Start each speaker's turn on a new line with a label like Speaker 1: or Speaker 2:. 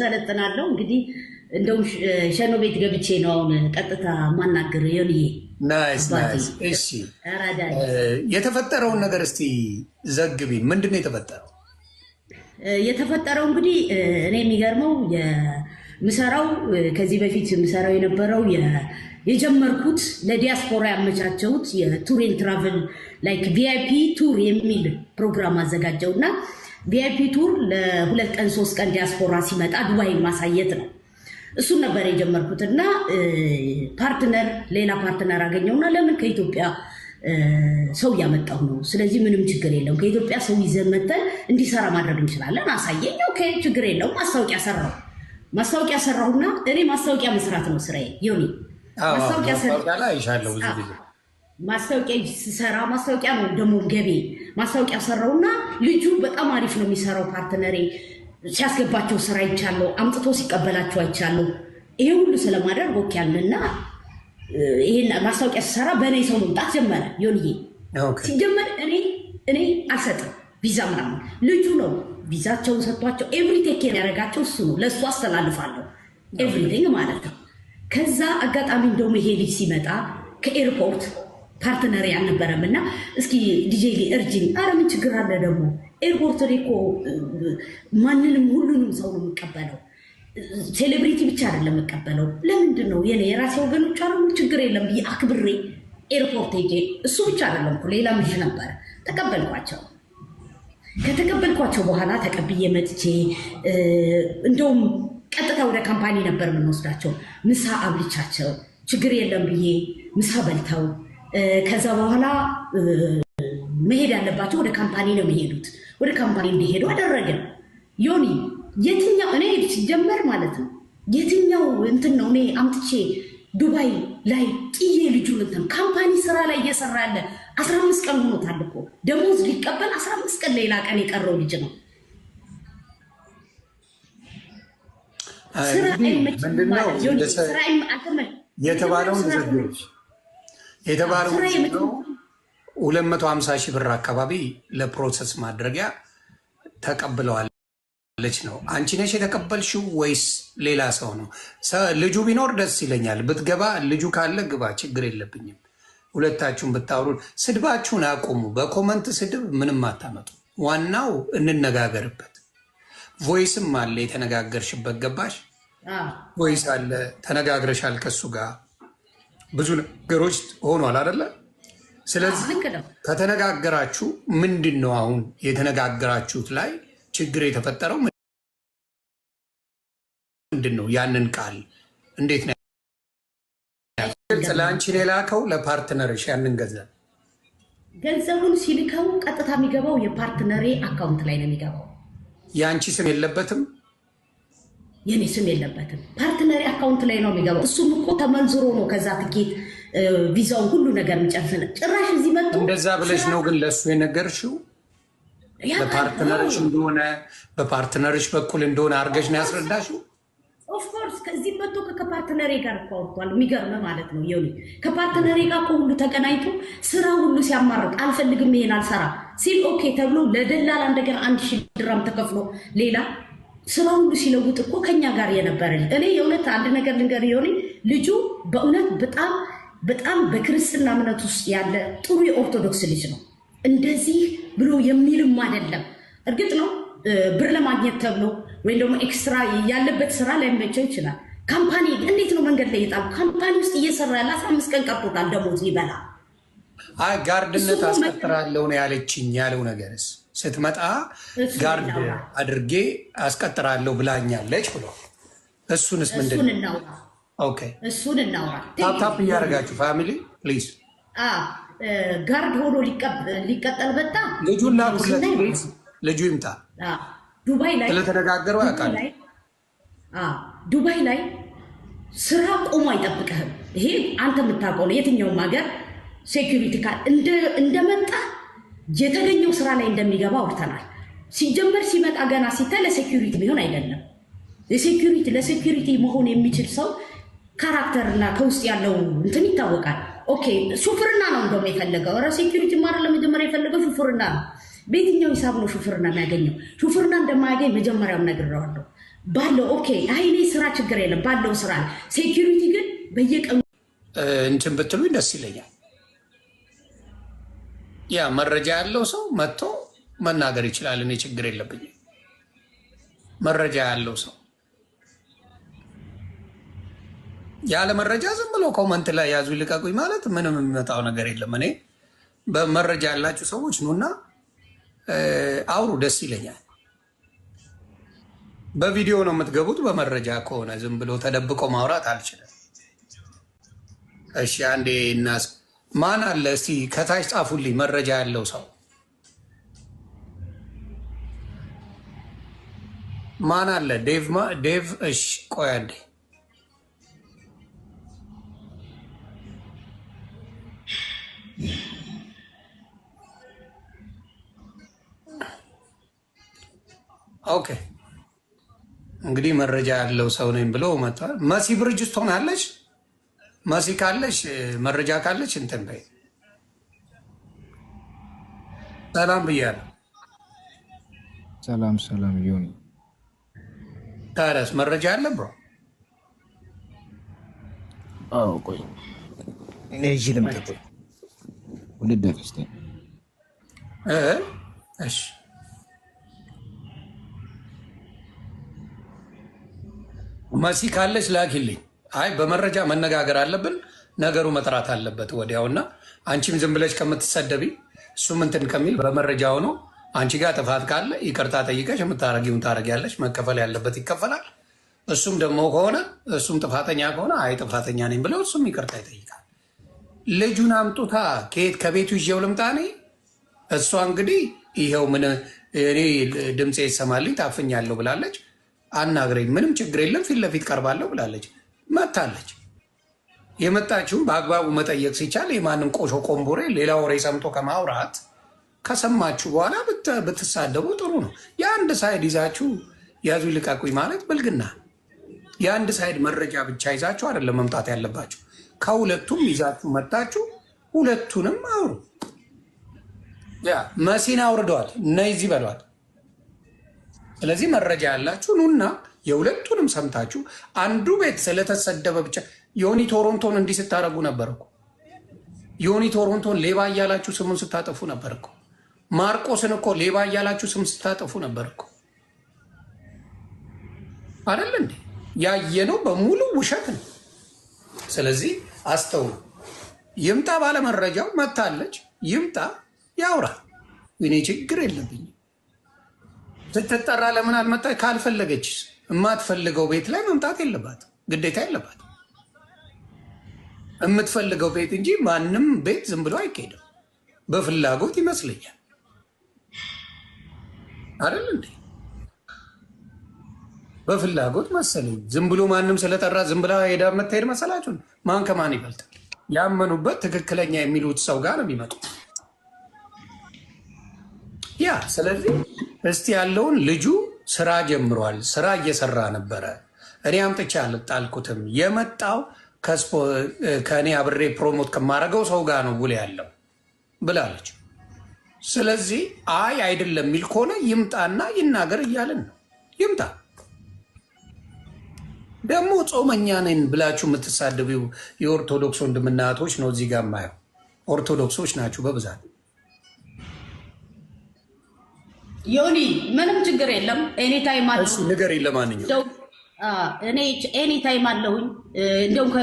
Speaker 1: ሰለጥናለሁ። እንግዲህ እንደውም ሸኖ ቤት ገብቼ ነው አሁን ቀጥታ ማናገር
Speaker 2: የተፈጠረውን ነገር እስቲ ዘግቢ። ምንድን ነው የተፈጠረው?
Speaker 1: የተፈጠረው እንግዲህ እኔ የሚገርመው የምሰራው ከዚህ በፊት የምሰራው የነበረው የጀመርኩት ለዲያስፖራ ያመቻቸውት የቱሪን ትራቨል ላይክ ቪአይፒ ቱር የሚል ፕሮግራም አዘጋጀውና ቪአይፒ ቱር ለሁለት ቀን ሶስት ቀን ዲያስፖራ ሲመጣ ዱባይን ማሳየት ነው። እሱን ነበር የጀመርኩት እና ፓርትነር ሌላ ፓርትነር አገኘውና ለምን ከኢትዮጵያ ሰው እያመጣሁ ነው። ስለዚህ ምንም ችግር የለውም። ከኢትዮጵያ ሰው ይዘን መተን እንዲሰራ ማድረግ እንችላለን። አሳየኝ። ኦኬ፣ ችግር የለውም። ማስታወቂያ ሰራሁ። ማስታወቂያ ሰራሁና እኔ ማስታወቂያ መስራት ነው ስራዬ። ዮኒ
Speaker 2: ማስታወቂያ ሰራ
Speaker 1: ማስታወቂያ ስሰራ ማስታወቂያ ነው ደግሞ ገቤ ማስታወቂያ ሰራውና ልጁ በጣም አሪፍ ነው የሚሰራው ፓርትነሬ ሲያስገባቸው ስራ አይቻለሁ፣ አምጥቶ ሲቀበላቸው አይቻለሁ። ይሄ ሁሉ ስለማደርግ ወክ ያልንና ይሄን ማስታወቂያ ስሰራ በእኔ ሰው መምጣት ጀመረ። ዮንዬ ሲጀመር እኔ እኔ አልሰጥም ቪዛ ምናምን ልጁ ነው ቪዛቸውን ሰጥቷቸው ኤቭሪቴክ ያደረጋቸው እሱ ነው። ለእሱ አስተላልፋለሁ ኤቭሪቲንግ ማለት ነው። ከዛ አጋጣሚ እንደውም ይሄ ልጅ ሲመጣ ከኤርፖርት ፓርትነሪ አልነበረም እና እስኪ ዲጄ እርጅኝ። ኧረ ምን ችግር አለ ደግሞ ኤርፖርት እኮ ማንንም ሁሉንም ሰው ነው የምቀበለው። ሴሌብሪቲ ብቻ አይደለም የምቀበለው። ለምንድን ነው የኔ የራሴ ወገኖች አሉ፣ ችግር የለም ብዬ አክብሬ ኤርፖርት ሄጄ እሱ ብቻ አይደለም እኮ ሌላም ልጅ ነበረ ተቀበልኳቸው። ከተቀበልኳቸው በኋላ ተቀብዬ መጥቼ እንደውም ቀጥታ ወደ ካምፓኒ ነበር የምንወስዳቸው። ምሳ አብልቻቸው ችግር የለም ብዬ ምሳ በልተው ከዛ በኋላ መሄድ ያለባቸው ወደ ካምፓኒ ነው የሚሄዱት። ወደ ካምፓኒ እንዲሄዱ አደረግን። ዮኒ የትኛው እኔ ሲጀመር ማለት ነው የትኛው እንትን ነው እኔ አምጥቼ ዱባይ ላይ ጥዬ ልጁ እንትን ካምፓኒ ስራ ላይ እየሰራ ያለ አስራ አምስት ቀን ሆኖታል እኮ ደሞዝ ሊቀበል አስራ አምስት ቀን ሌላ ቀን የቀረው ልጅ ነው።
Speaker 2: ስራ አይመችም ማለት ዮኒ የተባለው ሁለት መቶ ሀምሳ ሺህ ብር አካባቢ ለፕሮሰስ ማድረጊያ ተቀብለዋለች ነው። አንቺ ነሽ የተቀበልሽው ወይስ ሌላ ሰው ነው? ልጁ ቢኖር ደስ ይለኛል። ብትገባ ልጁ ካለ ግባ፣ ችግር የለብኝም። ሁለታችሁን ብታወሩ፣ ስድባችሁን አቁሙ። በኮመንት ስድብ ምንም አታመጡ። ዋናው እንነጋገርበት። ቮይስም አለ የተነጋገርሽበት፣ ገባሽ? ቮይስ አለ ተነጋግረሻል ከሱ ጋር ብዙ ነገሮች ሆኗል አደለ? ስለዚህ ከተነጋገራችሁ ምንድን ነው አሁን የተነጋገራችሁት ላይ ችግር የተፈጠረው ምንድን ነው? ያንን ቃል እንዴት ነው ለአንቺ የላከው ለፓርትነርሽ ያንን ገንዘብ
Speaker 1: ገንዘቡን ሲልከው ቀጥታ የሚገባው የፓርትነሬ አካውንት ላይ ነው የሚገባው።
Speaker 2: የአንቺ ስም የለበትም።
Speaker 1: የኔ ስም የለበትም። ፓርትነሪ አካውንት ላይ ነው የሚገባው። እሱም እኮ ተመንዝሮ ነው ከዛ ትኬት ቪዛውን ሁሉ ነገር የሚጨርስ ጭራሽ እዚህ መጡ።
Speaker 2: እንደዛ ብለሽ ነው ግን ለእሱ የነገርሽው በፓርትነርሽ እንደሆነ በፓርትነርሽ በኩል እንደሆነ አድርገሽ ነው ያስረዳሽው።
Speaker 1: ኦፍኮርስ ከዚህ መጥቶ ከፓርትነሬ ጋር እኮ አውጥቷል። የሚገርም ማለት ነው የ ከፓርትነሬ ጋር እኮ ሁሉ ተቀናይቶ ስራ ሁሉ ሲያማርቅ አልፈልግም ይሄን አልሰራ ሲል ኦኬ ተብሎ ለደላላ እንደገና አንድ ሺህ ድራም ተከፍሎ ሌላ ስራ ሁሉ ሲለውጥ እኮ ከኛ ጋር የነበረ እኔ የእውነት አንድ ነገር ልንገር የሆነ ልጁ በእውነት በጣም በጣም በክርስትና እምነት ውስጥ ያለ ጥሩ የኦርቶዶክስ ልጅ ነው። እንደዚህ ብሎ የሚልም አይደለም። እርግጥ ነው ብር ለማግኘት ተብሎ ወይም ደግሞ ኤክስትራ ያለበት ስራ ላይመቸው ይችላል። ካምፓኒ እንዴት ነው መንገድ ላይ የጣሉ ካምፓኒ ውስጥ እየሰራ ያለ አስራ አምስት ቀን ቀርቶታል ደሞዝ ሊበላ
Speaker 2: ጋርድነት አስቀጥራለሁ ነው ያለችኝ። ያለው ነገርስ ስትመጣ ጋር አድርጌ አስቀጥራለሁ ብላኛለች ብሎ እሱንስ ምንድን
Speaker 1: ነው? እሱን እናውራ።
Speaker 2: ታፕታፕ እያደረጋችሁ ፋሚሊ ፕሊዝ።
Speaker 1: ጋርድ ሆኖ ሊቀጠል በጣ
Speaker 2: ልጁ ላኩለት ፕሊዝ። ልጁ ይምጣ። ዱባይ ላይ ስለተነጋገሩ ያውቃል።
Speaker 1: ዱባይ ላይ ስራ ቆሞ አይጠብቅህም። ይሄ አንተ የምታውቀው ነው። የትኛውም ሀገር ሴኪሪቲ ካል እንደመጣ የተገኘው ስራ ላይ እንደሚገባ አውርተናል። ሲጀመር ሲመጣ ገና ሲታይ ለሴኪሪቲ ቢሆን አይደለም ለሴኪሪቲ ለሴኪሪቲ መሆን የሚችል ሰው ካራክተርና ከውስጥ ያለው እንትን ይታወቃል። ኦኬ ሹፍርና ነው እንደውም የፈለገው ረ ሴኪሪቲ ማረ ለመጀመሪያ የፈለገው ሹፍርና ነው። በየትኛው ሂሳብ ነው ሹፍርና የሚያገኘው? ሹፍርና እንደማያገኝ መጀመሪያም ነግረዋለሁ። ባለው ኦኬ አይኔ ስራ ችግር የለም ባለው ስራ ሴኪሪቲ ግን በየቀኑ
Speaker 2: እንትን ብትሉኝ ደስ ይለኛል። ያ መረጃ ያለው ሰው መጥቶ መናገር ይችላል። እኔ ችግር የለብኝም። መረጃ ያለው ሰው ያለ መረጃ ዝም ብሎ ኮመንት ላይ ያዙ ይልቀቁኝ ማለት ምንም የሚመጣው ነገር የለም። እኔ በመረጃ ያላችሁ ሰዎች ኑና አውሩ፣ ደስ ይለኛል። በቪዲዮ ነው የምትገቡት። በመረጃ ከሆነ ዝም ብሎ ተደብቆ ማውራት አልችልም። እሺ አንዴ እናስ ማን አለ? እስቲ ከታች ጻፉልኝ መረጃ ያለው ሰው ማን አለ? ዴቭ እሽ፣ ቆይ አንዴ ኦኬ። እንግዲህ መረጃ ያለው ሰው ነኝ ብሎ መጥቷል። መሲ ብርጅ አለች። መሲ ካለሽ መረጃ ካለሽ እንትን በይ። ሰላም ብያለሁ።
Speaker 3: ሰላም ሰላም። ዮኒ
Speaker 2: ታዲያስ መረጃ አለ ብሮ?
Speaker 3: አዎ ቆይ እኔ ልምጣ። ወደ ደረስተ
Speaker 2: እ እሺ መሲ ካለሽ ላኪልኝ። አይ በመረጃ መነጋገር አለብን። ነገሩ መጥራት አለበት ወዲያውና አንቺም ዝም ብለሽ ከምትሰደቢ እሱም እንትን ከሚል በመረጃ ሆኖ አንቺ ጋር ጥፋት ካለ ይቅርታ ጠይቀሽ የምታረጊውን ታረጊያለሽ። መከፈል ያለበት ይከፈላል። እሱም ደግሞ ከሆነ እሱም ጥፋተኛ ከሆነ አይ ጥፋተኛ ነኝ ብለው እሱም ይቅርታ ይጠይቃል። ልጁን አምጡታ ከየት ከቤቱ ይዤው ልምጣኔ እሷ እንግዲህ ይኸው ምን እኔ ድምፄ ይሰማልኝ ታፍኛለሁ ብላለች። አናግረኝ ምንም ችግር የለም ፊት ለፊት ቀርባለሁ ብላለች። መታለች። የመጣችውን በአግባቡ መጠየቅ ሲቻል የማንም ቆሾ ቆንቦሬ ሌላ ወሬ ሰምቶ ከማውራት ከሰማችሁ በኋላ ብትሳደቡ ጥሩ ነው። የአንድ ሳይድ ይዛችሁ ያዙ ይልቀቁኝ ማለት ብልግና። የአንድ ሳይድ መረጃ ብቻ ይዛችሁ አይደለም መምጣት ያለባችሁ። ከሁለቱም ይዛችሁ መጣችሁ፣ ሁለቱንም አውሩ። ያ መሲን አውርደዋል፣ እነዚህ በሏል። ስለዚህ መረጃ ያላችሁ ኑና የሁለቱንም ሰምታችሁ አንዱ ቤት ስለተሰደበ ብቻ ዮኒ ቶሮንቶን እንዲህ ስታደርጉ ነበር እኮ። ዮኒ ቶሮንቶን ሌባ እያላችሁ ስሙን ስታጠፉ ነበር እኮ። ማርቆስን እኮ ሌባ እያላችሁ ስም ስታጠፉ ነበር እኮ። አይደል እንዴ? ያየነው በሙሉ ውሸት ነው። ስለዚህ አስተውሉ። ይምጣ ባለመረጃው መታለች። ይምጣ ያውራ። እኔ ችግር የለብኝም። ስትጠራ ለምን አልመጣ ካልፈለገችስ የማትፈልገው ቤት ላይ መምጣት የለባትም፣ ግዴታ የለባትም። የምትፈልገው ቤት እንጂ ማንም ቤት ዝም ብሎ አይካሄድም። በፍላጎት ይመስለኛል አይደል እንዴ? በፍላጎት መሰለኝ። ዝም ብሎ ማንም ስለጠራ ዝም ብላ ሄዳ የምትሄድ መሰላችሁን? ማን ከማን ይበልጣል? ያመኑበት ትክክለኛ የሚሉት ሰው ጋር ነው የሚመጡት። ያ ስለዚህ እስቲ ያለውን ልጁ ስራ ጀምሯል። ስራ እየሰራ ነበረ። እኔ አምጥቼ አልጣልኩትም። የመጣው ከእኔ አብሬ ፕሮሞት ከማረገው ሰው ጋር ነው ውል ያለው ብላለች። ስለዚህ አይ አይደለም የሚል ከሆነ ይምጣና ይናገር እያለን ነው። ይምጣ። ደግሞ ጾመኛ ነን ብላችሁ የምትሳደቡ የኦርቶዶክስ ወንድምናቶች ነው እዚህ ጋር ማየው። ኦርቶዶክሶች ናችሁ በብዛት
Speaker 1: ዮኒ ምንም ችግር የለም። ኤኒታይም
Speaker 2: አለሁ ነገር የለም። ማንኛውም
Speaker 1: እኔ ኤኒታይም አለሁኝ። እንደውም